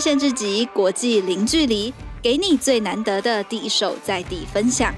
限制級國際零距離，給你最難得的第一手在地分享。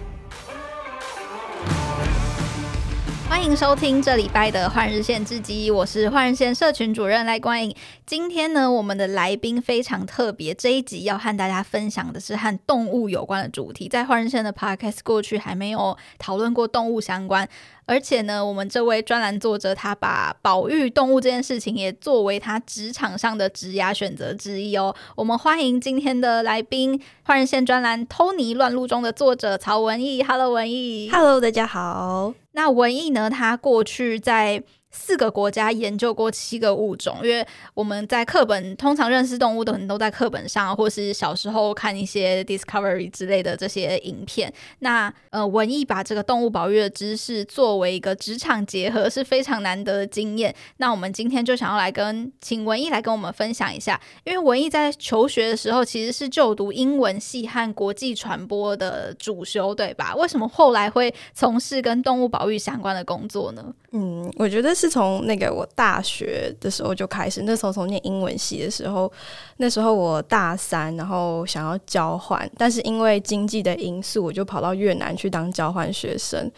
歡迎收聽這禮拜的換日線制級我是換日線社群主任賴冠穎。今天呢，我們的來賓非常特別，這一集要和大家分享的是和動物有關的主題。在換日線的 Podcast 過去還沒有討論過動物相關，而且呢，我們這位專欄作者他把保育動物這件事情也作為他職場上的職業選擇之一哦。我們歡迎今天的來賓，換日線專欄《偷妮亂入》中的作者曹文羿 Hello，文羿 Hello，大家好。那文羿呢，他過去在四個國家研究過七個物種，因為我們在課本通常認識動物的可能都在課本上，或是小時候看一些 Discovery 之類的這些影片。那呃，文羿把這個動物保育的知識作為一個職場結合是非常難得的經驗。那我們今天就想要來跟，請文羿來跟我們分享一下，因為文羿在求學的時候其實是就讀英文系和國際傳播的主修，對吧？為什麼後來會從事跟動物保育相關的工作呢？嗯，我覺得。是從那個我大學的時候就開始，那時候從念英文系的時候，那時候我大三，然後想要交換，但是因為經濟的因素，我就跑到越南去當交換學生。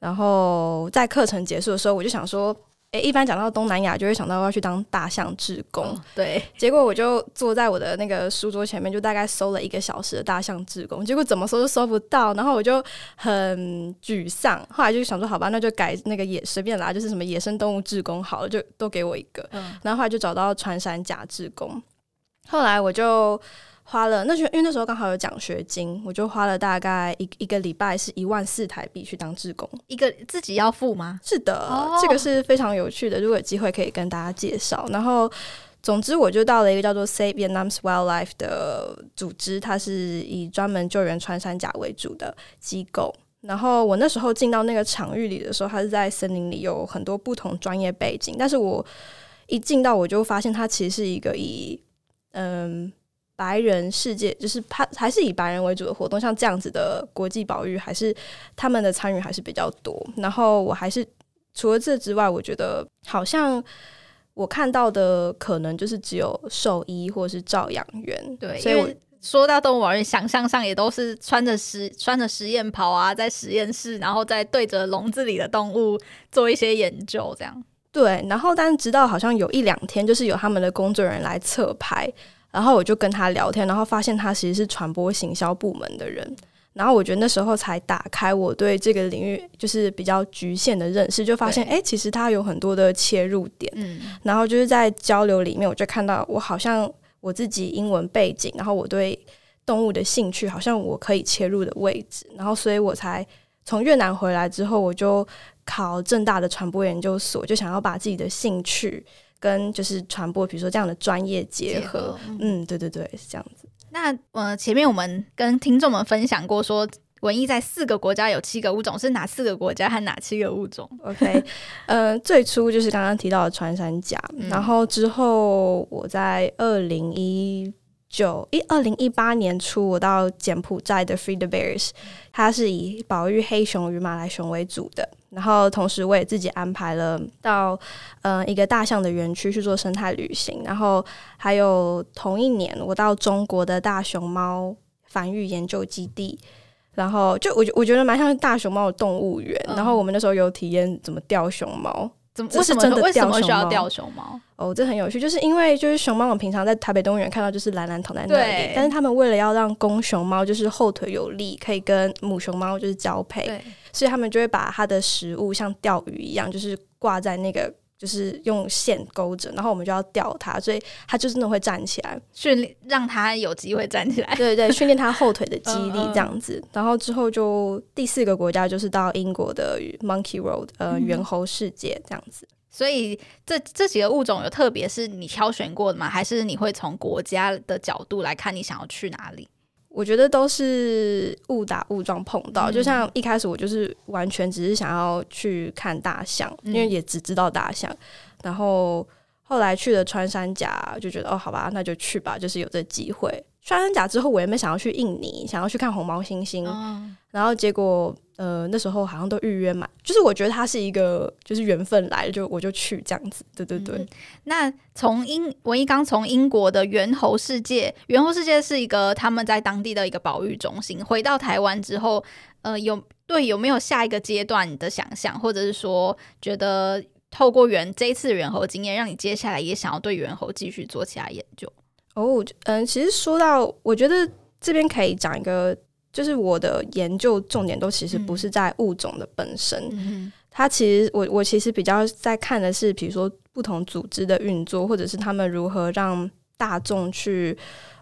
然後在課程結束的時候，我就想說。哎，一般講到東南亞，就會想到要去當大象志工。Oh. 對，結果我就坐在我的那個書桌前面，就大概搜了一個小時的大象志工，結果怎麼搜都搜不到，然後我就很沮喪。後來就想說，好吧，那就改那個野，隨便啦，就是什麼野生動物志工好了，就都給我一個。嗯、Oh.，然後後來就找到穿山甲志工，後來我就。花了那時候，因為那時候剛好有獎學金，我就花了大概一一個禮拜是一萬四台幣去當志工。一個自己要付嗎？是的、oh.，這個是非常有趣的。如果有機會，可以跟大家介紹。然後，總之我就到了一個叫做 Save Vietnam's Wildlife 的組織，它是以專門救援穿山甲為主的機構。然後我那時候進到那個場域裡的時候，它是在森林裡，有很多不同專業背景。但是我一進到，我就發現它其實是一個以嗯。白人世界，就是他還是以白人為主的活動，像這樣子的國際保育，還是他們的參與還是比較多。然後我還是除了這之外，我覺得好像我看到的可能就是只有獸醫或者是照養員。對，所以說到動物保育，想象上也都是穿着實穿着實驗袍啊，在實驗室，然後再對着籠子裡的動物做一些研究這樣。對，然後但是直到好像有一兩天，就是有他們的工作人員來側拍。然後我就跟他聊天，然後發現他其實是傳播行銷部門的人。然後我覺得那時候才打開我對這個領域就是比較局限的認識，就發現哎，其實他有很多的切入點。嗯，然後就是在交流裡面，我就看到我好像我自己英文背景，然後我對動物的興趣，好像我可以切入的位置。然後所以我才從越南回來之後，我就考政大的傳播研究所，就想要把自己的興趣。跟就是傳播，比如說這樣的專業結合,結合，嗯，對對對，是這樣子。那呃，前面我們跟聽眾們分享過說，說文羿在四個國家有七個物種，是哪四個國家和哪七個物種？OK， 呃，最初就是剛剛提到的穿山甲，嗯，然後之後我在二零一。九一二零一八年初，我到柬埔寨的 Free the Bears，它是以保育黑熊與馬來熊為主的。然後同時我也自己安排了到嗯、呃、一個大象的園區去做生態旅行。然後還有同一年，我到中國的大熊貓繁育研究基地，然後就我我覺得蠻像是大熊貓的動物園、嗯。然後我們那時候有體驗怎麼釣熊貓。是真的，是真的為什麼？為什麼需要釣熊貓？哦，這很有趣，就是因為就是熊貓，我平常在台北動物園看到就是懶懶躺在那裡，但是他們為了要讓公熊貓就是後腿有力，可以跟母熊貓就是交配，所以他們就會把它的食物像釣魚一樣，就是掛在那個。就是用線勾着，然後我們就要吊它，所以它就真的會站起來。訓練讓它有機會站起來，對對對，訓練它後腿的肌力這樣子。 uh, 然後之後就第四個國家就是到英國的 Monkey World，呃，猿猴世界這樣子。嗯。所以這這幾個物種有特別是你挑選過的嗎？還是你會從國家的角度來看你想要去哪裡？我覺得都是誤打誤撞碰到，嗯，就像一開始我就是完全只是想要去看大象，嗯，因為也只知道大象，然後。後來去了穿山甲，就覺得哦，好吧，那就去吧，就是有這機會。穿山甲之後，我原本想要去印尼，想要去看紅毛猩猩，哦、然後結果呃，那時候好像都預約滿，就是我覺得它是一個，就是緣分來了，就我就去這樣子，對對對。嗯、那從英文羿剛從英國的猿猴世界，猿猴世界是一個他們在當地的一個保育中心。回到台灣之後，呃，有對有沒有下一個階段的想象，或者是說覺得？透過猿，這一次猿猴經驗，讓你接下來也想要對猿猴繼續做其他研究哦。Oh, 嗯，其實說到，我覺得這邊可以講一個，就是我的研究重點都其實不是在物種的本身，嗯，它其實我我其實比較在看的是，比如說不同組織的運作，或者是他們如何讓大眾去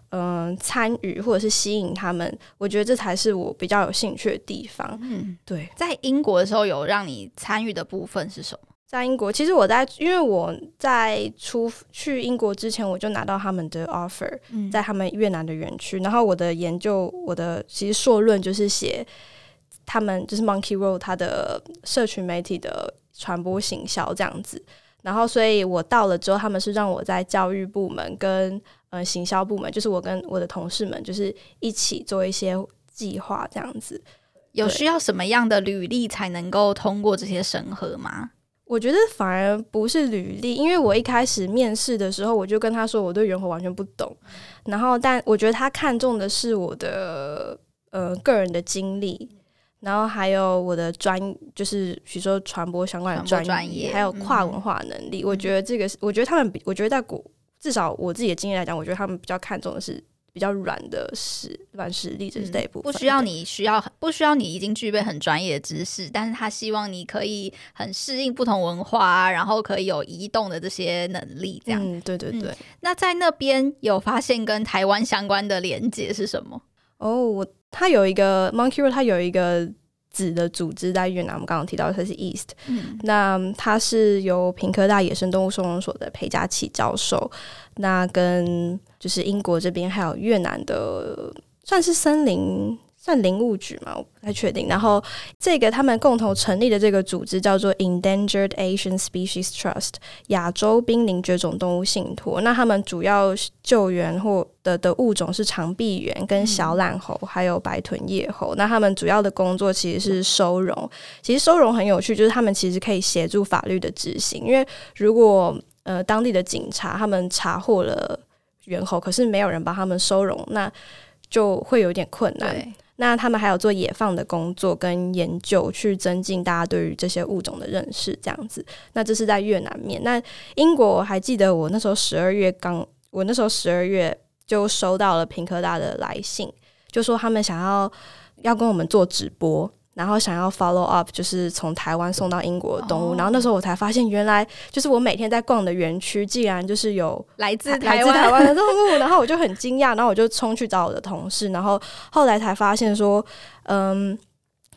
嗯參與，或者是吸引他們，我覺得這才是我比較有興趣的地方。嗯，對，在英國的時候有讓你參與的部分是什麼？在英國，其實我在因為我在出去英國之前，我就拿到他們的 offer，嗯、在他們越南的園區。然後我的研究，我的其實碩論就是寫他們就是 Monkey World 它的社群媒體的傳播行銷這樣子。然後所以我到了之後，他們是讓我在教育部門跟呃行銷部門，就是我跟我的同事們就是一起做一些計劃這樣子。有需要什麼樣的履歷才能夠通過這些審核嗎？我覺得反而不是履歷，因為我一開始面試的時候，我就跟他說我對猿猴完全不懂。然後，但我覺得他看重的是我的呃個人的經歷，然後還有我的專，就是比如說傳播相關的專業，還有跨文化能力，嗯。我覺得這個是，我覺得他們比，我覺得在，至少我自己的經驗來講，我覺得他們比較看重的是。比較軟的實軟實力就是這一部分、嗯，不需要你需要，不需要你已經具備很專業的知識，但是他希望你可以很適應不同文化、啊，然後可以有移動的這些能力，這樣、嗯。對對對、嗯。那在那邊有發現跟台灣相關的連接是什麼？哦，我，他有一個 Monkey World 他有一個。子的組織在越南，我們剛剛提到它是 East，、嗯、那它是由屏科大野生動物收容所的裴家騏教授，那跟就是英國這邊還有越南的算是森林。算靈物局嘛，我不太確定、嗯。然後這個他們共同成立的這個組織叫做 Endangered Asian Species Trust 亞洲瀕臨絕種動物信託。那他們主要救援或的的物種是長臂猿、跟小懶猴，還有白臀葉猴、嗯。那他們主要的工作其實是收容、嗯。其實收容很有趣，就是他們其實可以協助法律的執行，因為如果呃當地的警察他們查獲了猿猴，可是沒有人幫他們收容，那就會有點困難。那他們還有做野放的工作跟研究，去增進大家對於這些物種的認識，這樣子。那這是在越南面。那英國，我還記得我那時候十二月剛，我那時候十二月就收到了屏科大的來信，就說他們想要要跟我們做直播。然後想要 follow up，就是從台灣送到英國的動物。Oh. 然後那時候我才發現，原來就是我每天在逛的園區，竟然就是有來自，來自台灣的動物。 然後我就很驚訝，然後我就衝去找我的同事。然後後來才發現說，嗯，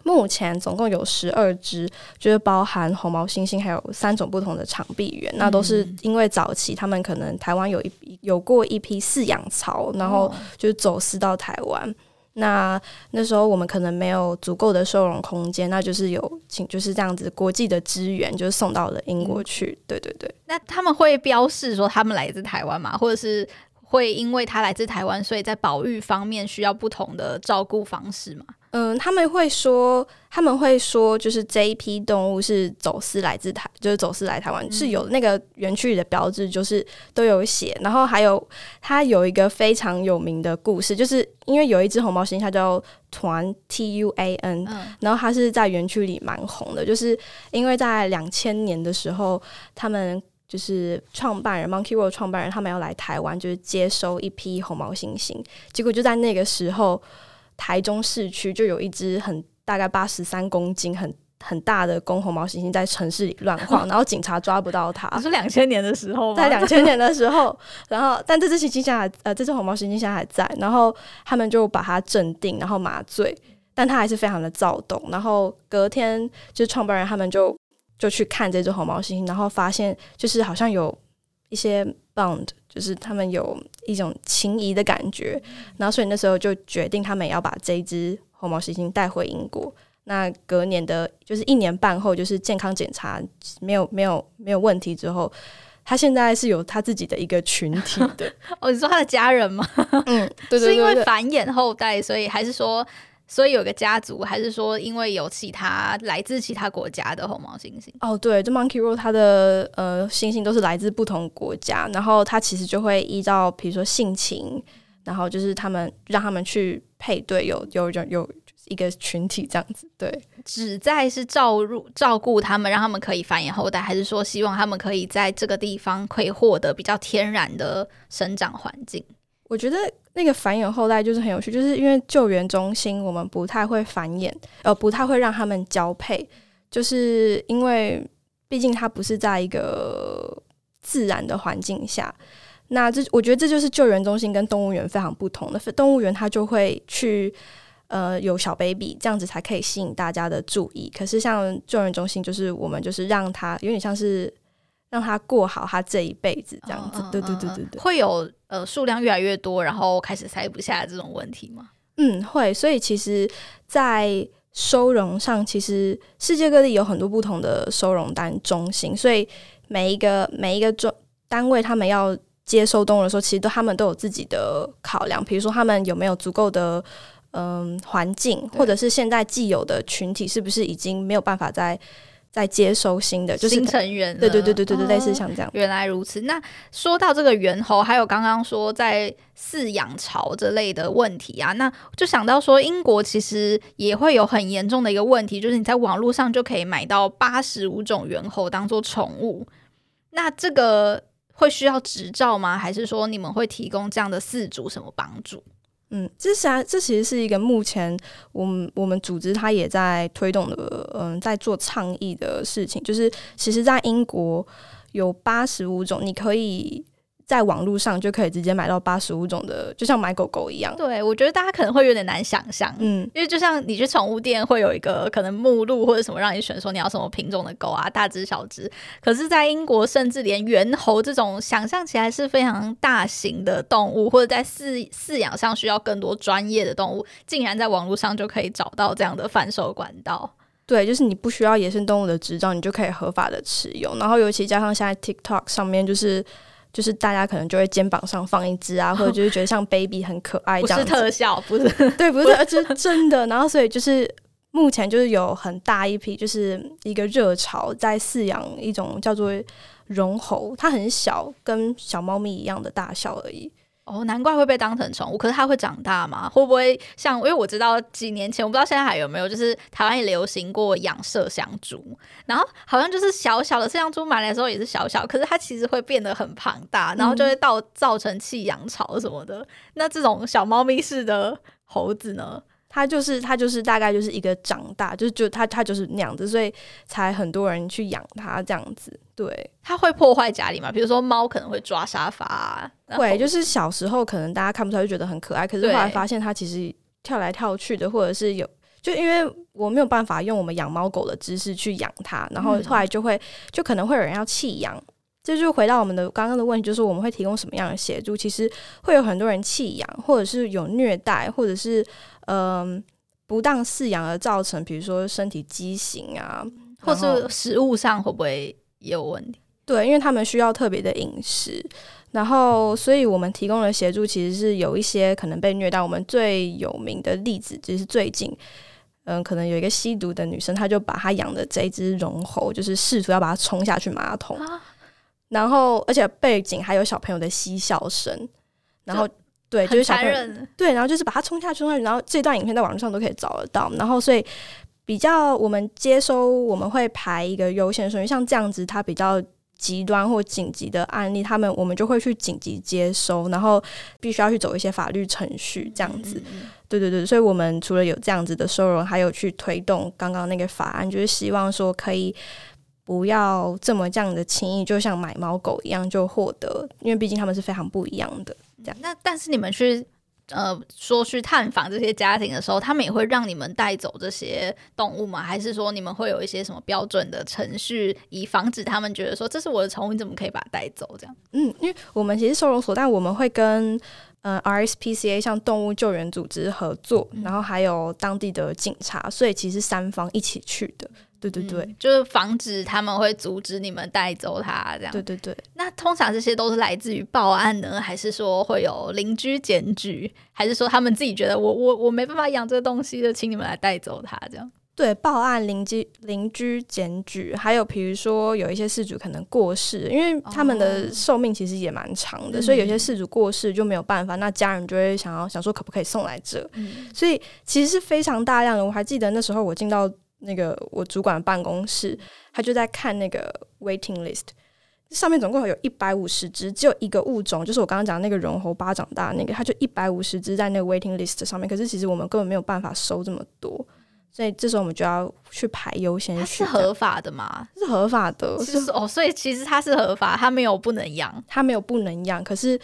目前總共有十二隻，就是包含紅毛猩猩，還有三種不同的長臂猿。嗯。那都是因為早期他們可能台灣有一有過一批飼養潮，然後就走私到台灣。Oh. 那那時候我們可能沒有足夠的收容空間，那就是有請就是這樣子國際的支援，就是送到了英國去。嗯。對對對，那他們會標示說他們來自台灣嗎，或者是會因為他來自台灣，所以在保育方面需要不同的照顧方式嗎？嗯，他們會說，他們會說，就是這一批動物是走私來自臺，就是走私來台灣、嗯、是有那個園區裡的標誌，就是都有寫。然後還有它有一個非常有名的故事，就是因為有一隻紅毛猩猩它叫團 T U A N，、嗯、然後它是在園區裡蠻紅的，就是因為在兩千年的時候，他們就是創辦人 Monkey World 創辦人，他們要來台灣就是接收一批紅毛猩猩，結果就在那個時候。台中市區就有一隻很大概八十三公斤很、很很大的公紅毛猩猩在城市裡亂晃、嗯。然後警察抓不到它。是兩千年的時候嗎？在兩千年的時候，然後但這隻猩猩現在呃，這隻紅毛猩猩現在還在。然後他們就把它鎮定，然後麻醉，但它還是非常的躁動。然後隔天就是創辦人他們就就去看這隻紅毛猩猩，然後發現就是好像有一些 bond。就是他們有一種情誼的感覺，然後所以那時候就決定他們也要把這隻紅毛猩猩帶回英國。那隔年的就是一年半後，就是健康檢查沒有沒有沒有問題之後，他現在是有他自己的一個群體的。 哦，你說他的家人嗎？ 嗯，對對、對對對，是因為繁衍後代，所以還是說。所以有個家族，還是說因為有其他來自其他國家的紅毛猩猩？哦、oh,，對，就 Monkey World 它的呃猩猩都是來自不同國家，然後它其實就會依照比如說性情，然後就是他們讓他們去配對，有有一有，有一個群體這樣子，對，旨在是照顧照顧他們，讓他們可以繁衍後代，還是說希望他們可以在這個地方可以獲得比較天然的生長環境？我覺得。那個繁衍後代就是很有趣，就是因為救援中心我們不太會繁衍，呃，不太會讓他們交配，就是因為畢竟它不是在一個自然的環境下。那這我覺得這就是救援中心跟動物園非常不同的，動物園它就會去呃有小 baby 這樣子才可以吸引大家的注意。可是像救援中心，就是我們就是讓它有點像是讓它過好它這一輩子這樣子。Oh, uh, uh, uh. 對對對對對，會有。呃，數量越來越多，然後開始塞不下這種問題嗎？嗯，會。所以其實，在收容上，其實世界各地有很多不同的收容單中心。所以每一個每一個中單位，他們要接收動物的時候，其實他們都有自己的考量。比如說，他們有沒有足夠的嗯、呃、環境，或者是現在既有的群體是不是已經沒有辦法在。在接收新的就是、新成員，對對對對對對、啊，類似像這樣。原來如此。那說到這個猿猴，還有剛剛說在飼養潮這類的問題啊，那就想到說，英國其實也會有很嚴重的一個問題，就是你在網絡上就可以買到八十五種猿猴當做寵物。那這個會需要執照嗎？還是說你們會提供這樣的飼主什麼幫助？嗯，這是啊這其實是一個目前我們我們組織它也在推動的，嗯，在做倡議的事情，就是其實，在英國有八十五種你可以。在網絡上就可以直接買到八十五種的，就像買狗狗一樣。對，我覺得大家可能會有點難想象，嗯，因為就像你去寵物店會有一個可能目錄或者什麼讓你選，說你要什麼品種的狗啊，大隻小隻。可是，在英國，甚至連猿猴這種想象起來是非常大型的動物，或者在飼飼養上需要更多專業的動物，竟然在網絡上就可以找到這樣的販售管道。對，就是你不需要野生動物的執照，你就可以合法的持有。然後，尤其加上現在 TikTok 上面就是。就是大家可能就會肩膀上放一隻啊，或者就是覺得像 baby 很可愛這樣子。哦。不是特效，不是 對，不是，這、就是真的是。然後所以就是目前就是有很大一批，就是一個熱潮在飼養一種叫做絨猴，它很小，跟小貓咪一樣的大小而已。哦，難怪會被當成寵物。可是它會長大嗎？會不會像？因為我知道幾年前，我不知道現在還有沒有，就是台灣也流行過養麝香豬，然後好像就是小小的麝香豬買來的時候也是小小，可是它其實會變得很龐大，然後就會到造成棄養潮什麼的。嗯、那這種小貓咪似的猴子呢？它就是它就是大概就是一個長大就是就它它就是那樣子，所以才很多人去養它這樣子。對，它會破壞家裡嗎？比如說貓可能會抓沙發，對就是小時候可能大家看不出來，就覺得很可愛，可是後來發現它其實跳來跳去的，或者是有就因為我沒有辦法用我們養貓狗的知識去養它，然後後來就會、嗯、就可能會有人要棄養。這就回到我們的剛剛的問題，就是我們會提供什麼樣的協助？其實會有很多人棄養，或者是有虐待，或者是。嗯，不當飼養而造成，比如說身體畸形啊，或是食物上會不會也有問題？對，因為他們需要特別的飲食，然後，所以我們提供的協助其實是有一些可能被虐待。我們最有名的例子就是最近，嗯，可能有一個吸毒的女生，她就把她養的這一只絨猴，就是試圖要把它沖下去馬桶，啊？然後，而且背景還有小朋友的嬉笑聲，然後。對，就是小客對，然後就是把它沖下去，沖下去，然後這段影片在網絡上都可以找得到。然後所以比較我們接收，我們會排一個優先順序，像這樣子，它比較極端或緊急的案例，他們我們就會去緊急接收，然後必須要去走一些法律程序這樣子嗯嗯嗯。對對對，所以我們除了有這樣子的收容，還有去推動剛剛那個法案，就是希望說可以不要這麼這樣子輕易，就像買貓狗一樣就獲得，因為畢竟他們是非常不一樣的。那但是你們去呃說去探訪這些家庭的時候，他們也會讓你們帶走這些動物嗎？還是說你們會有一些什麼標準的程序，以防止他們覺得說這是我的寵物，你怎麼可以把它帶走？這樣？嗯，因為我們其實收容所，但我們會跟嗯、呃、RSPCA 像動物救援組織合作，嗯，然後還有當地的警察，所以其實三方一起去的。對對對，嗯、就是防止他們會阻止你們帶走他，這樣。對對對。那通常這些都是來自於報案呢，還是說會有鄰居檢舉，還是說他們自己覺得我我我沒辦法養這個東西，就請你們來帶走他這樣？對，報案、鄰居、鄰居檢舉，還有比如說有一些飼主可能過世，因為他們的壽命其實也蠻長的、哦，所以有些飼主過世就沒有辦法，嗯、那家人就會想要想說可不可以送來這、嗯，所以其實是非常大量的。我還記得那時候我進到。那個我主管辦公室，他就在看那個 waiting list，上面總共有一百五十隻，只有一個物種，就是我剛剛講的那個絨猴巴掌大的那個，他就一百五十隻在那個 waiting list 上面。可是其實我們根本沒有辦法收這麼多，所以這時候我們就要去排優先序。它是合法的嗎？是合法的。就是，是哦，所以其實它是合法，它沒有不能養，它沒有不能養。可是，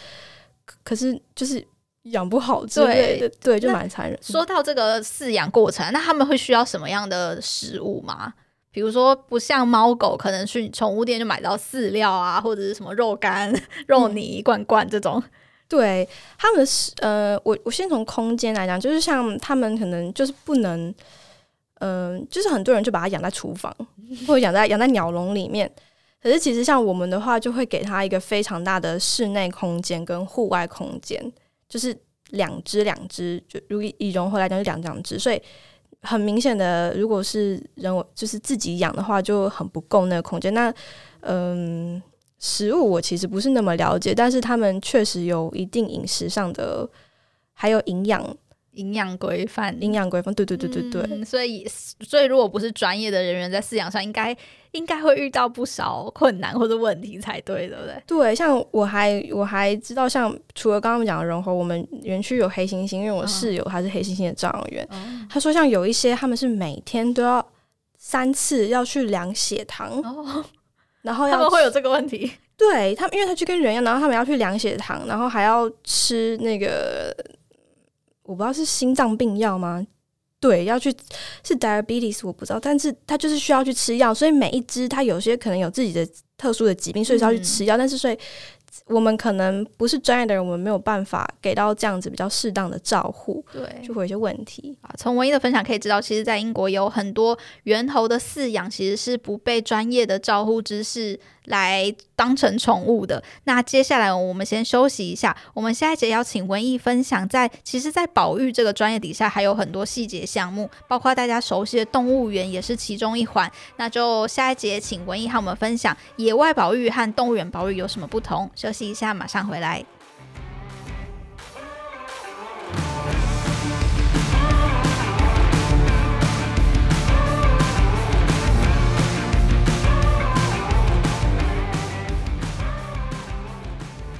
可是就是。養不好之類的，對，就蠻殘忍。說到這個飼養過程，那他們會需要什麼樣的食物嗎？比如說，不像貓狗，可能去寵物店就買到飼料啊，或者是什麼肉乾、肉泥、嗯、罐罐這種。對，他們是呃，我我先從空間來講，就是像他們可能就是不能，嗯、呃，就是很多人就把它養在廚房， 或者養在養在鳥籠裡面。可是其實像我們的話，就會給它一個非常大的室內空間跟戶外空間。就是兩隻兩隻，就如以以融合來講，就是兩兩隻，所以很明顯的，如果是人，就是自己養的話，就很不夠那個空間。那嗯，食物我其實不是那麼了解，但是他們確實有一定飲食上的，還有營養。營養規範，營養規範，對對對對對，嗯、所以所以如果不是專業的人員在飼養上，應該應該會遇到不少困難或者問題才對，對不對？對，像我還我還知道像，像除了剛剛講的狨猴，我們園區有黑猩猩，因為我室友他是黑猩猩的飼養員、哦，他說像有一些他們是每天都要三次要去量血糖，哦、然後他們會有這個問題，對他們，因為他去跟人一樣，然後他們要去量血糖，然後還要吃那個。我不知道是心臟病藥嗎？對，要去是 diabetes，我不知道，但是他就是需要去吃藥，所以每一只他有些可能有自己的特殊的疾病，所以要去吃藥、嗯，但是所以。我們可能不是專業的人，我們沒有辦法給到這樣子比較適當的照護，對，就會有一些問題啊。從文羿的分享可以知道，其實，在英國有很多猿猴的飼養，其實是不被專業的照護知識來當成寵物的。那接下來我們先休息一下，我們下一節要請文羿分享在，在其實，在保育這個專業底下，還有很多細節項目，包括大家熟悉的動物園，也是其中一環。那就下一節請文羿和我們分享，野外保育和動物園保育有什麼不同？休息一下，馬上回來。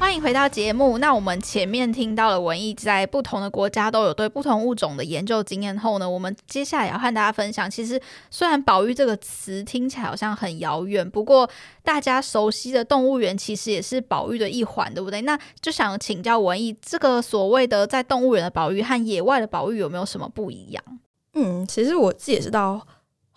歡迎回到節目。那我們前面聽到了文羿在不同的國家都有對不同物種的研究經驗後呢，我們接下來要和大家分享。其實雖然“保育”這個詞聽起來好像很遙遠，不過大家熟悉的動物園其實也是保育的一環，對不對？那就想請教文羿，這個所謂的在動物園的保育和野外的保育有沒有什麼不一樣？嗯，其實我自己也知道。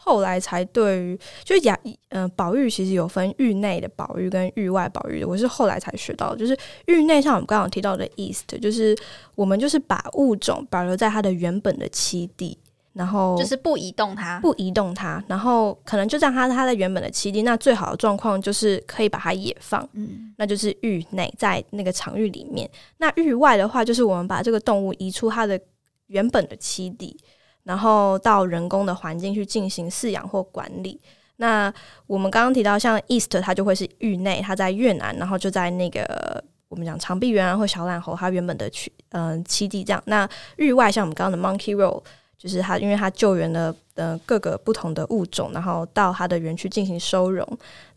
後來才對於就是亞嗯保育其實有分域內的保育跟域外保育的，我是後來才學到的，就是域內像我們剛剛提到的 East，就是我們就是把物種保留在它的原本的棲地，然後就是不移動它，不移動它，然後可能就讓它它在原本的棲地。那最好的狀況就是可以把它野放，嗯，那就是域內在那個場域裡面。那域外的話，就是我們把這個動物移出它的原本的棲地。然後到人工的環境去進行飼養或管理。那我們剛剛提到，像 East 它就會是域內，它在越南，然後就在那個我們講長臂猿、啊、或小懶猴它原本的區，嗯、呃，棲地這樣。那域外像我們剛剛的 Monkey World 就是它因為它救援了的嗯各個不同的物種，然後到它的園區進行收容。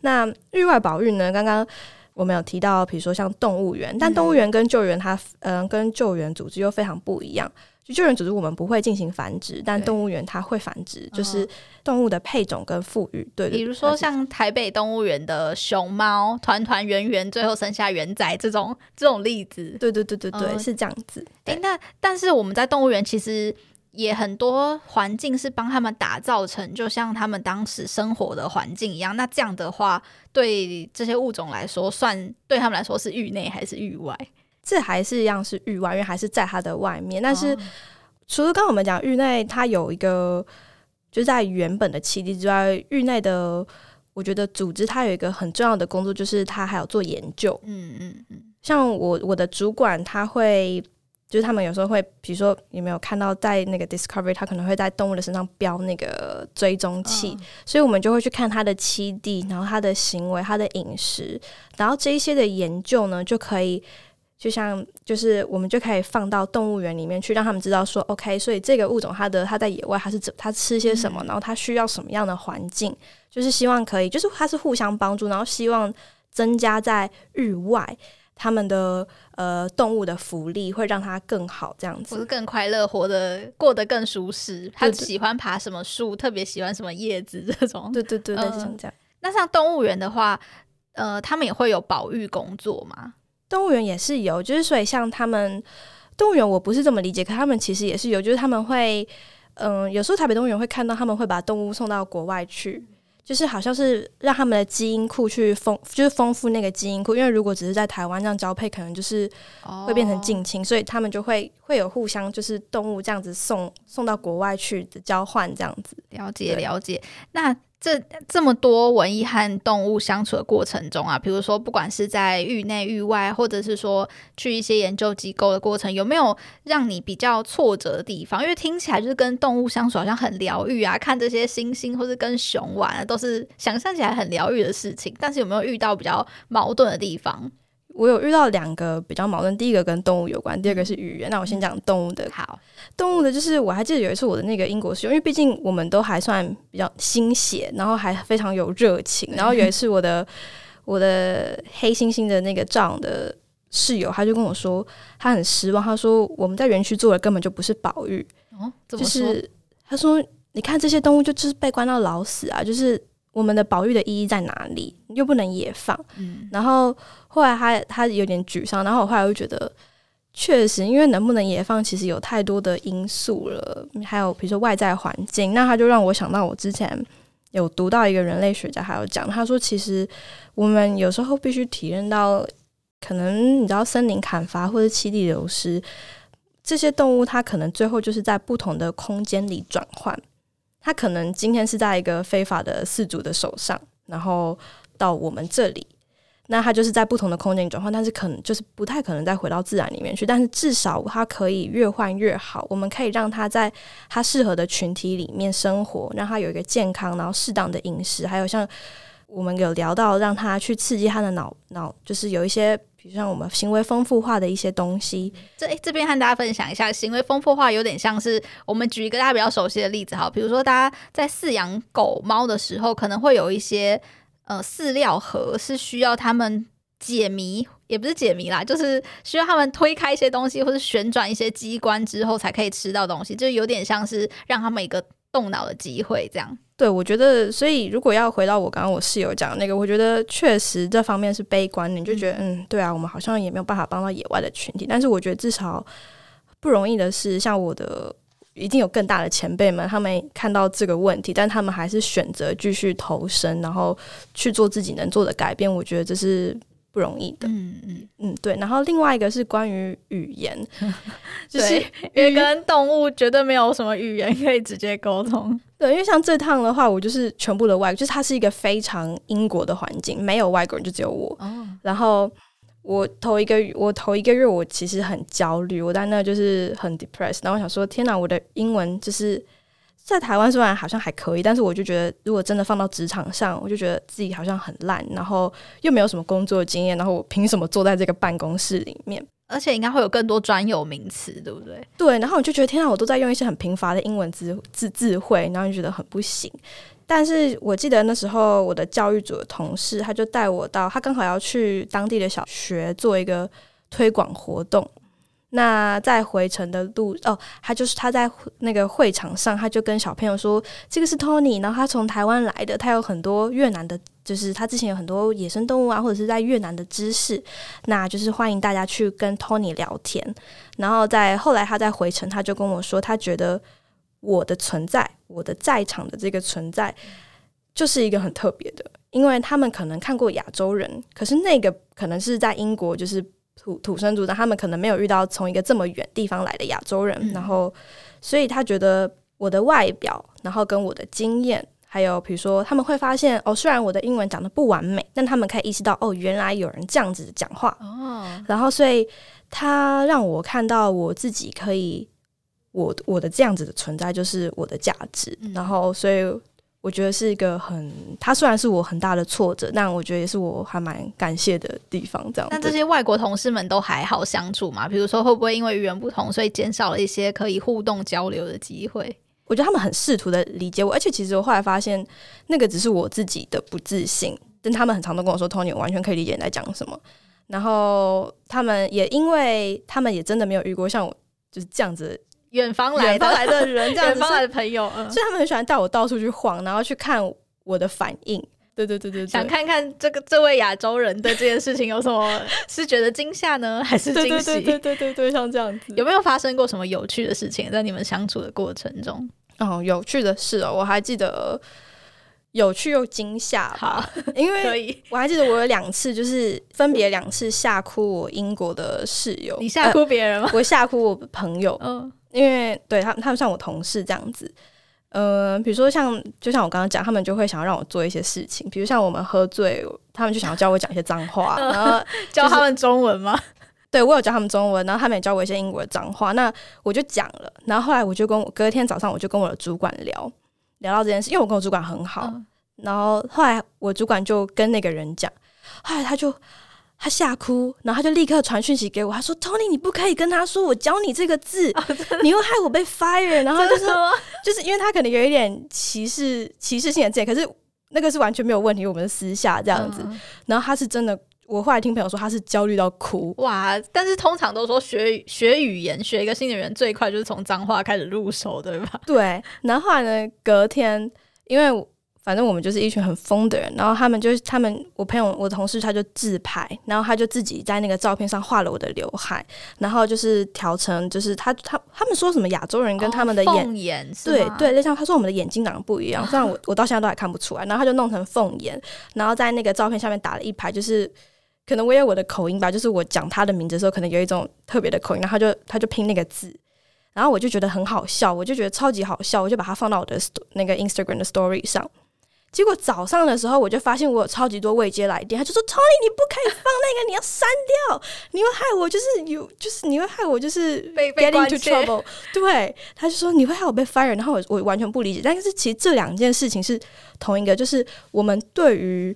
那域外保育呢？剛剛我們有提到，比如說像動物園，但動物園跟救援它，嗯、呃，跟救援組織又非常不一樣。救助人組織我們不會進行繁殖，但動物園它會繁殖，就是動物的配種跟復育。對，對，對，比如說像台北動物園的熊貓團團圓圓，最後生下圓仔這種這種例子。對對對對對，呃、是這樣子。誒、欸，那但是我們在動物園其實也很多環境是幫他們打造成就像他們當時生活的環境一樣。那這樣的話，對這些物種來說，算對他們來說是域內還是域外？這還是一樣是域外，因為還是在它的外面。但是，除了剛剛我們講域內，它有一個，就在原本的棲地之外，域內的，我覺得組織它有一個很重要的工作，就是它還有做研究。嗯嗯嗯。像我我的主管，他會就是他們有時候會，比如說你沒有看到在那個 Discovery，他可能會在動物的身上標那個追蹤器、嗯，所以我們就會去看它的棲地，然後它的行為、它的飲食，然後這一些的研究呢，就可以。就像就是我們就可以放到動物園裡面去，讓他們知道說，OK，所以這個物種它的，它在野外它是怎，它吃些什麼，然後它需要什麼樣的環境，嗯，就是希望可以，就是它是互相幫助，然後希望增加在域外它們的呃動物的福利，會讓它更好這樣子，是更快樂，活得過得更舒適。它喜歡爬什麼樹，特別喜歡什麼葉子這種。對對對，對，對，嗯，呃。那像動物園的話，呃，他們也會有保育工作嗎？動物園也是有，就是所以像他們動物園，我不是這麼理解，可他們其實也是有，就是他們會，嗯，呃，有時候台北動物園會看到他們會把動物送到國外去，就是好像是讓他們的基因庫去豐，就是豐富那個基因庫，因為如果只是在台灣這樣交配，可能就是會變成近親，哦，所以他們就會會有互相就是動物這樣子送送到國外去的交換這樣子。了解了解，那。這這麼多文羿和動物相處的過程中啊，比如說，不管是在域內、域外，或者是說去一些研究機構的過程，有沒有讓你比較挫折的地方？因為聽起來就是跟動物相處好像很療癒啊，看這些猩猩，或者跟熊玩啊，都是想象起來很療癒的事情，但是有沒有遇到比較矛盾的地方？我有遇到兩個比較矛盾，第一個跟動物有關，第二個是語言。那我先講動物的。好，動物的，就是我還記得有一次我的那個英國室友，因為畢竟我們都還算比較新鮮，然後還非常有熱情。然後有一次我的 我的黑猩猩的那個場的室友，他就跟我說，他很失望。他說我們在園區做的根本就不是保育，哦怎麼說，就是他說你看這些動物就就是被關到老死啊，就是。我們的保育的意義在哪裡？又不能野放。嗯，然後後來他他有點沮喪。然後我後來又覺得，確實，因為能不能野放，其實有太多的因素了。還有比如說外在環境，那他就讓我想到，我之前有讀到一個人類學家還有講，他說其實我們有時候必須體認到，可能你知道森林砍伐或者棲地流失，這些動物它可能最後就是在不同的空間裡轉換。他可能今天是在一個非法的飼主的手上，然後到我們這裡，那他就是在不同的空間轉換，但是可能就是不太可能再回到自然裡面去，但是至少他可以越換越好，我們可以讓他在他適合的群體裡面生活，讓他有一個健康，然後適當的飲食，還有像我們有聊到讓他去刺激他的腦腦，就是有一些。就像我們行為豐富化的一些東西，這、欸、這邊和大家分享一下，行為豐富化有點像是我們舉一個大家比較熟悉的例子哈，比如說大家在飼養狗貓的時候，可能會有一些呃飼料盒是需要他們解謎，也不是解謎啦，就是需要他們推開一些東西或是旋轉一些機關之後才可以吃到東西，就有點像是讓他們一個動腦的機會這樣。對，我覺得，所以如果要回到我剛剛我室友講的那個，我覺得確實這方面是悲觀的，你就覺得，嗯，對啊，我們好像也沒有辦法幫到野外的群體。但是我覺得至少不容易的是，像我的一定有更大的前輩們，他們看到這個問題，但他們還是選擇繼續投身，然後去做自己能做的改變。我覺得這是。不容易的，嗯嗯嗯，對。然後另外一個是關於語言，嗯、就是因為跟動物絕對沒有什麼語言可以直接溝通。對，因為像這趟的話，我就是全部的外，就是它是一個非常英國的環境，沒有外國人，就只有我、哦。然後我頭一個，我頭一個月，我其實很焦慮，我在那就是很 depressed。然後我想說，天哪，我的英文就是。在台灣雖然好像還可以，但是我就覺得，如果真的放到職場上，我就覺得自己好像很爛，然後又沒有什麼工作經驗，然後我憑什麼坐在這個辦公室裡面？而且應該會有更多專有名詞，對不對？對，然後我就覺得，天啊，我都在用一些很貧乏的英文字、字、字彙，然後就覺得很不行。但是我記得那時候我的教育組的同事，他就帶我到他剛好要去當地的小學做一個推廣活動。那在回程的路哦，他就是他在那個會場上，他就跟小朋友說，這個是 Tony，然後他從台灣來的，他有很多越南的，就是他之前有很多野生動物啊，或者是在越南的知識，那就是歡迎大家去跟 Tony 聊天。然後在後來他在回程，他就跟我說，他覺得我的存在，我的在場的這個存在，就是一個很特別的，因為他們可能看過亞洲人，可是那個可能是在英國，就是。土土生土長，他們可能沒有遇到從一個這麼遠地方來的亞洲人，嗯，然後，所以他覺得我的外表，然後跟我的經驗，還有比如說，他們會發現哦，雖然我的英文講得不完美，但他們可以意識到哦，原來有人這樣子講話、哦、然後，所以他讓我看到我自己可以，我我的這樣子的存在就是我的價值，嗯，然後所以。我覺得是一個很，他雖然是我很大的挫折，但我覺得也是我還蠻感謝的地方。這樣，但這些外國同事們都還好相處嗎？比如說，會不會因為語言不同，所以減少了一些可以互動交流的機會？我覺得他們很試圖的理解我，而且其實我後來發現，那個只是我自己的不自信。但他們很常都跟我說，Tony，我完全可以理解你在講什麼。然後他們也因為他們也真的沒有遇過像我就是這樣子。遠方來的遠方來的人，這樣子遠方來的朋友，嗯，所以他們很喜歡帶我到處去晃，然後去看我的反應。對對對對，想看看這個這位亞洲人對這件事情有什麼 是覺得驚嚇呢，還是驚喜？對對對對，對，對，像這樣子，子有沒有發生過什麼有趣的事情在你們相處的過程中？哦，有趣的事哦，我還記得有趣又驚嚇。好，因為可以我還記得我有兩次，就是分別兩次嚇哭我英國的室友。你嚇哭別人嗎？呃、我嚇哭我朋友。嗯。因為對他，他們像我同事這樣子，呃，比如說像，就像我剛剛講，他們就會想要讓我做一些事情，比如像我們喝醉，他們就想要教我講一些髒話， 然後、就是、教他們中文嗎？對，我有教他們中文，然後他們也教我一些英國的髒話，那我就講了，然後後來我就跟我隔天早上我就跟我的主管聊，聊到這件事，因為我跟我主管很好，嗯、然後後來我主管就跟那個人講，後來他就。他嚇哭，然後他就立刻傳訊息給我，他說：“Tony，你不可以跟他說我教你這個字，啊、你又害我被 fire。”然後他就說，就是因為他可能有一點歧視歧視性的這樣，可是那個是完全沒有問題，我們是私下這樣子、嗯。然後他是真的，我後來聽朋友說他是焦慮到哭哇！但是通常都說學學語言，學一個新的語言最快就是從髒話開始入手，對吧？對。然後後來呢？隔天因為。反正我們就是一群很瘋的人，然後他們就他們我朋友我同事他就自拍，然後他就自己在那個照片上畫了我的劉海，然後就是調成就是他他他們說什麼亞洲人跟他們的眼對、哦、鳳眼、對，就像他說我們的眼睛長得不一樣，雖然我我到現在都還看不出來，然後他就弄成鳳眼，然後在那個照片下面打了一排，就是可能我也有我的口音吧，就是我講他的名字的時候，可能有一種特別的口音，然後他就他就拼那個字，然後我就覺得很好笑，我就覺得超級好笑，我就把它放到我的那個 Instagram 的 story 上。結果早上的時候，我就發現我有超級多未接來電，他就說：“Tony，你不可以放那個， 你要刪掉，你會害我，就是有，you, 就是你會害我，就是 getting into trouble。”對，他就說你會害我被 fire，然後我我完全不理解。但是其實這兩件事情是同一個，就是我們對於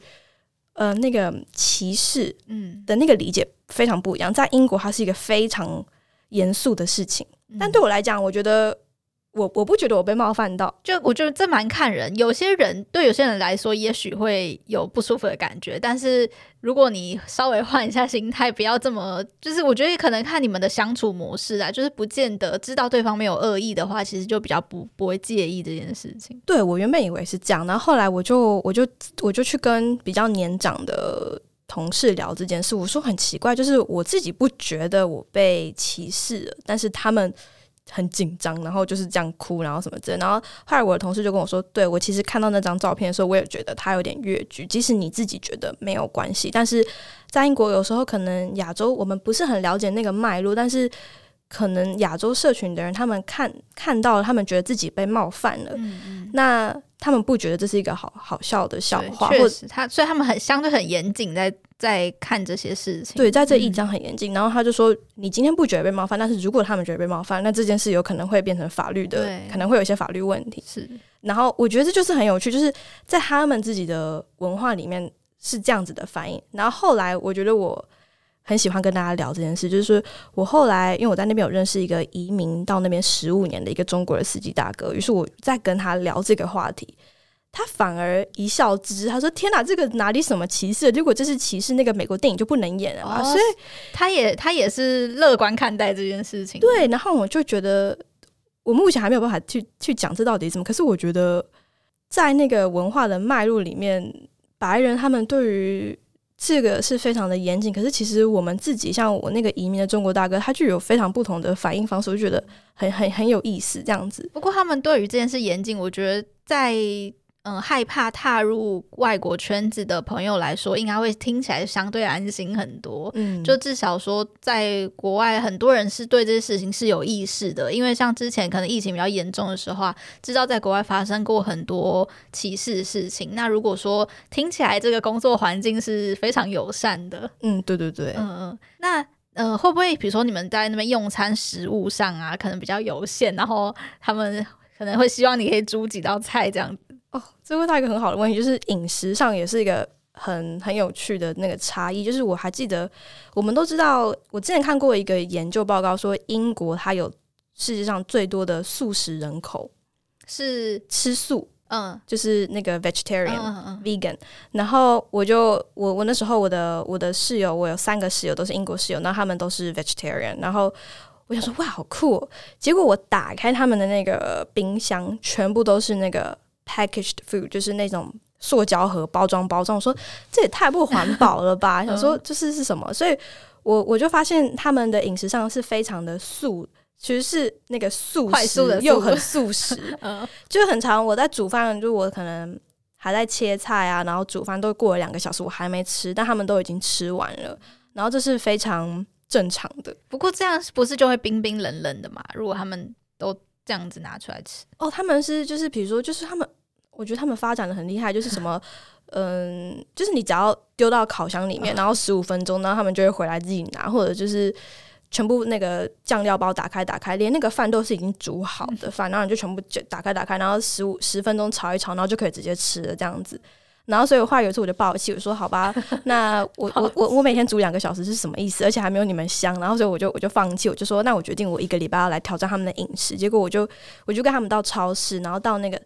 呃那個歧視嗯的那個理解非常不一樣。在英國，它是一個非常嚴肅的事情，但對我來講，我覺得。我我不覺得我被冒犯到，就我覺得這蠻看人，有些人對有些人來說也許會有不舒服的感覺，但是如果你稍微換一下心態，不要這麼，就是我覺得可能看你們的相處模式啊，就是不見得知道對方沒有惡意的話，其實就比較不不會介意這件事情。對，我原本以為是這樣，然後後來我就我就我就去跟比較年長的同事聊這件事，我說很奇怪，就是我自己不覺得我被歧視了，但是他們。很緊張，然後就是這樣哭，然後什麼之類的。然後後來我的同事就跟我說：“對，我其實看到那張照片的時候，我也覺得他有點越矩，即使你自己覺得沒有關係，但是在英國有時候可能亞洲我們不是很了解那個脈絡，但是。”可能亞洲社群的人，他們看看到了，他們覺得自己被冒犯了，嗯嗯，那他們不覺得這是一個好好笑的笑話，確實，他所以他們很相對很嚴謹，在在看這些事情，對，在這一章很嚴謹。然後他就說、嗯：“你今天不覺得被冒犯，但是如果他們覺得被冒犯，那這件事有可能會變成法律的，可能會有一些法律問題。”是。然後我覺得這就是很有趣，就是在他們自己的文化裡面是這樣子的反應。然後後來我覺得我。很喜歡跟大家聊這件事，就是我後來因為我在那邊有認識一個移民到那邊十五年的一個中國的司機大哥，於是我在跟他聊這個話題，他反而一笑之，他說：“天哪，啊，這個哪裡什麼歧視？如果這是歧視，那個美國電影就不能演了。”哦，所以他也他也是樂觀看待這件事情。對，然後我就覺得我目前還沒有辦法去去講這到底怎麼，可是我覺得在那個文化的脈絡裡面，白人他們對於。這個是非常的嚴謹，可是其實我們自己，像我那個移民的中國大哥，他就有非常不同的反應方式，我覺得很很很有意思。這樣子，不過他們對於這件事嚴謹，我覺得在。嗯，害怕踏入外國圈子的朋友來說，應該會聽起來相對安心很多。嗯，就至少說，在國外很多人是對這些事情是有意識的，因為像之前可能疫情比較嚴重的時候啊，知道在國外發生過很多歧視的事情。那如果說聽起來這個工作環境是非常友善的，嗯，對對對，嗯、呃、嗯，那呃，會不會比如說你們在那邊用餐，食物上啊，可能比較有限，然後他們可能會希望你可以煮幾道菜這樣？哦、oh，最後到一個很好的問題，就是飲食上也是一個很很有趣的那個差異。就是我還記得，我們都知道，我之前看過一個研究報告說，英國它有世界上最多的素食人口，是吃素，嗯，就是那個 vegetarian 嗯嗯嗯嗯 vegan，然後我就我我那時候我的我的室友，我有三個室友都是英國室友，那他們都是 vegetarian。然後我想說哇，好酷，哦哦！結果我打開他們的那個冰箱，全部都是那個。packaged food 就是那種塑膠盒包裝包裝，我說這也太不環保了吧！ 想說，這是是什麼、 嗯？所以我我就發現他們的飲食上是非常的素，其實是那個素食的又很素食、 嗯，就很常我在煮飯，就我可能還在切菜啊，然後煮飯都過了兩個小時，我還沒吃，但他們都已經吃完了，然後這是非常正常的。不過這樣不是就會冰冰冷冷冷的嘛？如果他們都這樣子拿出來吃，哦，他們是就是比如說就是他們。我覺得他們發展的很厲害，就是什麼，嗯，就是你只要丟到烤箱裡面，然後十五分鐘，然後他們就會回來自己拿，或者就是全部那個醬料包打開打開，連那個飯都是已經煮好的飯，然後你就全部就打開打開，然後十五十分鐘炒一炒，然後就可以直接吃了這樣子。然後所以我後來有一次我就爆氣，我說好吧，那我我我我每天煮兩個小時是什麼意思？而且還沒有你們香。然後所以我就我就放棄，我就說那我決定我一個禮拜要來挑戰他們的飲食。結果我就我就跟他們到超市，然後到那個。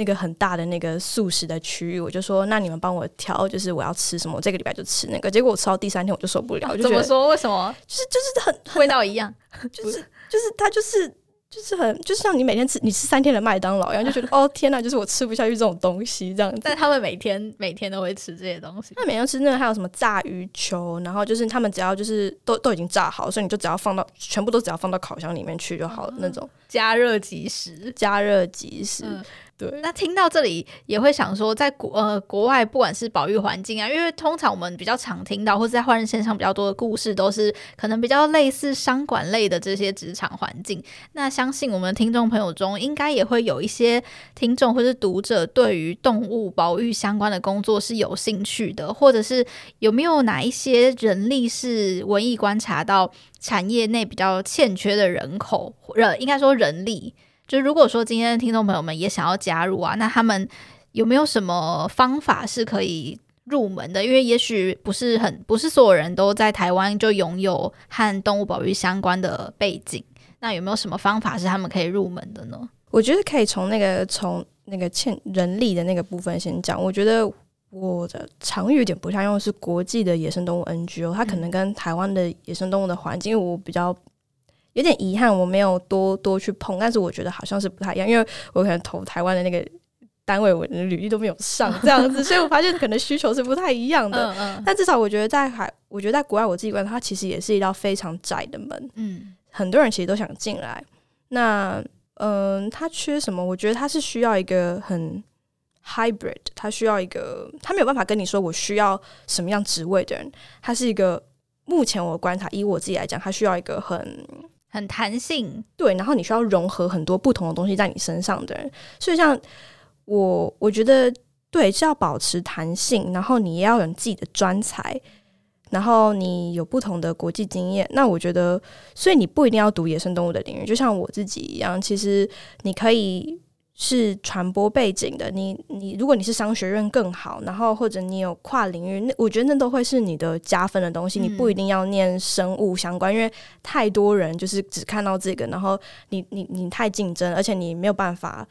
那個很大的那個素食的區域，我就說，那你們幫我挑，就是我要吃什麼，我這個禮拜就吃那個。結果我吃到第三天，我就受不了，怎麼說，為什麼？就是就是很，很味道一樣，就是就是他就是就是很，就是、像你每天吃你吃三天的麥當勞一樣， 就覺得哦天哪，就是我吃不下去這種東西這樣。但他們每天每天都會吃這些東西，他們每天吃那個還有什麼炸魚球，然後就是他們只要就是都都已經炸好，所以你就只要放到全部都只要放到烤箱裡面去就好了，哦、那種加熱即食，加熱即食。對，那聽到這裡也會想說，在國呃國外，不管是保育環境啊，因為通常我們比較常聽到或者在換日線上比較多的故事，都是可能比較類似商管類的這些職場環境。那相信我們聽眾朋友中，應該也會有一些聽眾或是讀者，對於動物保育相關的工作是有興趣的，或者是有沒有哪一些人力是文藝觀察到產業內比較欠缺的人口，或者應該說人力？就如果說今天的聽眾朋友們也想要加入啊，那他們有沒有什麼方法是可以入門的？因為也許不是很，不是所有人都在台灣就擁有和動物保育相關的背景，那有沒有什麼方法是他們可以入門的呢？我覺得可以從那個從那個欠人力的那個部分先講。我覺得我的場域有點不像，因為是國際的野生動物 NGO，它可能跟台灣的野生動物的環境我比較。有點遺憾，我沒有多多去碰，但是我覺得好像是不太一樣，因為我可能投台灣的那個單位，我的履歷都沒有上這樣子， 所以我發現可能需求是不太一樣的。 但至少我覺得在海，我覺得在國外，我自己觀察，它其實也是一道非常窄的門。嗯，很多人其實都想進來。那嗯，他缺什麼？我覺得他是需要一個很 hybrid，他需要一個他沒有辦法跟你說我需要什麼樣職位的人。他是一個目前我的觀察，以我自己來講，他需要一個很很彈性，對，然後你需要融合很多不同的東西在你身上的人，所以像我，我覺得對是要保持彈性，然後你也要有自己的專才，然後你有不同的國際經驗，那我覺得，所以你不一定要讀野生動物的領域，就像我自己一樣，其實你可以。是傳播背景的，你你，如果你是商學院更好，然後或者你有跨領域，那我覺得那都會是你的加分的東西。你不一定要念生物相關，嗯、因為太多人就是只看到這個，然後你你你太競爭，而且你沒有辦法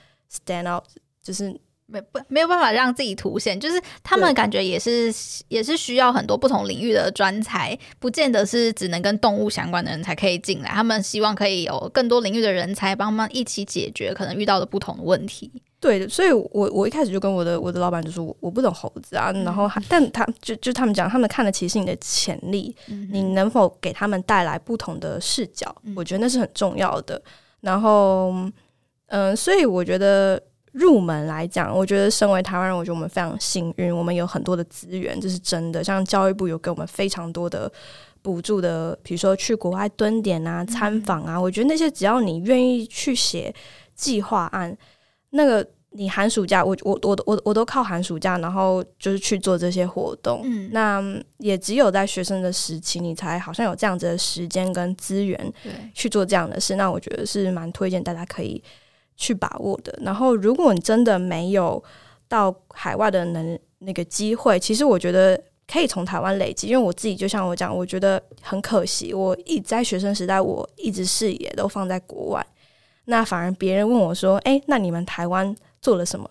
stand out，就是。沒不沒有辦法讓自己凸顯，就是他們感覺也是也是需要很多不同領域的專才，不見得是只能跟動物相關的人才可以進來。他們希望可以有更多領域的人才幫他們一起解決可能遇到的不同的問題。對的，所以我我一開始就跟我的我的老闆就說：‘我我不懂猴子啊’，嗯、然後他但他就就他們講，他們看的其實你的潛力、嗯，你能否給他們帶來不同的視角、嗯，我覺得那是很重要的。然後嗯、呃，所以我覺得。入門來講，我覺得身為台灣人，我覺得我們非常幸運，我們有很多的資源，這是真的。像教育部有給我們非常多的補助的，比如說去國外蹲點啊、參訪啊、嗯。我覺得那些只要你願意去寫計劃案，那個你寒暑假，我我我我我都靠寒暑假，然後就是去做這些活動。嗯，那也只有在學生的時期，你才好像有這樣子的時間跟資源，對，去做這樣的事。那我覺得是蠻推薦大家可以。去把握的。然後，如果你真的沒有到海外的能那個機會，其實我覺得可以從台灣累積。因為我自己就像我講，我覺得很可惜，我一直在學生時代，我一直視野都放在國外。那反而別人問我說：“欸，那你們台灣做了什麼？”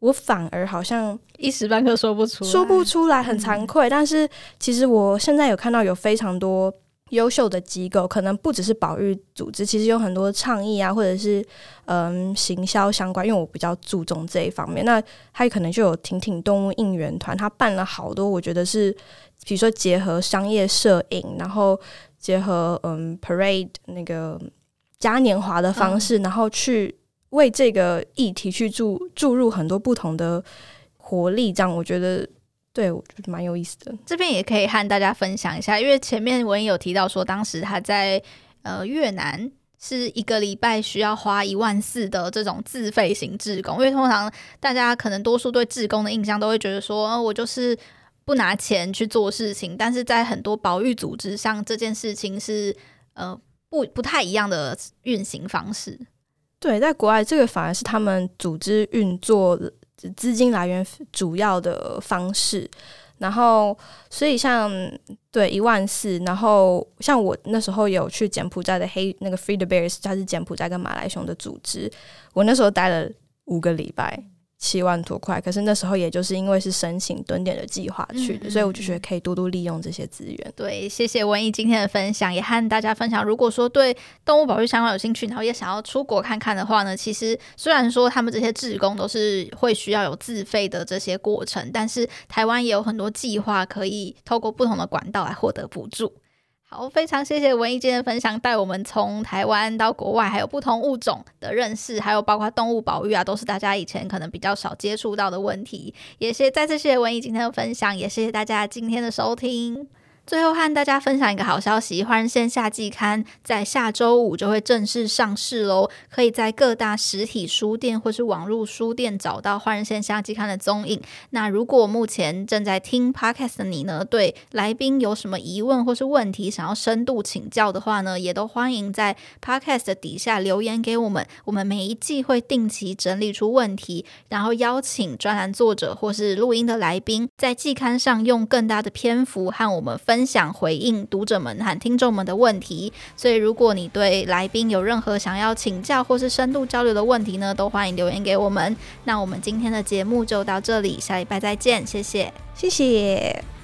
我反而好像一時半刻說不出，說不出來，很慚愧。但是其實我現在有看到有非常多。優秀的機構可能不只是保育組織，其實有很多倡議啊，或者是嗯行銷相關，因為我比較注重這一方面。那還可能就有“挺挺動物應援團”，他辦了好多，我覺得是，比如說結合商業攝影，然後結合嗯 parade 那個嘉年華的方式，嗯，然後去為這個議題去注注入很多不同的活力，這樣我覺得。對，我覺得蠻有意思的。這邊也可以和大家分享一下，因為前面我也有提到說，當時他在呃越南是一個禮拜需要花一萬四的這種自費型志工。因為通常大家可能多數對志工的印象都會覺得說，呃，我就是不拿錢去做事情。但是在很多保育組織上，這件事情是呃不不太一樣的運行方式。對，在國外這個反而是他們組織運作的。資金來源主要的方式，然後所以像對一萬四，然後像我那時候有去柬埔寨的黑，那個 Free the Bears，它是柬埔寨跟馬來熊的組織，我那時候待了五個禮拜。七萬多塊，可是那時候也就是因為是申請蹲點的計劃去的，嗯嗯，所以我就覺得可以多多利用這些資源。對，謝謝文羿今天的分享，也和大家分享，如果說對動物保育相關有興趣，然後也想要出國看看的話呢，其實雖然說他們這些志工都是會需要有自費的這些過程，但是台灣也有很多計劃可以透過不同的管道來獲得補助。我非常謝謝文羿今天的分享，帶我們從台灣到國外，還有不同物種的認識，還有包括動物保育啊，都是大家以前可能比較少接觸到的問題。也謝謝，再次謝謝文羿今天的分享，也謝謝大家今天的收聽。最後和大家分享一個好消息，《換日線夏季刊》在下周五就會正式上市嘍！可以在各大實體書店或是網路書店找到《換日線夏季刊》的蹤影。那如果目前正在聽 Podcast 的你呢，對來賓有什麼疑問或是問題想要深度請教的話呢，也都歡迎在 Podcast 的底下留言給我們。我們每一季會定期整理出問題，然後邀請專欄作者或是錄音的來賓，在季刊上用更大的篇幅和我們分。分享回應讀者們和聽眾們的問題，所以如果你對來賓有任何想要請教或是深度交流的問題呢，都歡迎留言給我們。那我們今天的節目就到這裡，下禮拜再見，謝謝，謝謝。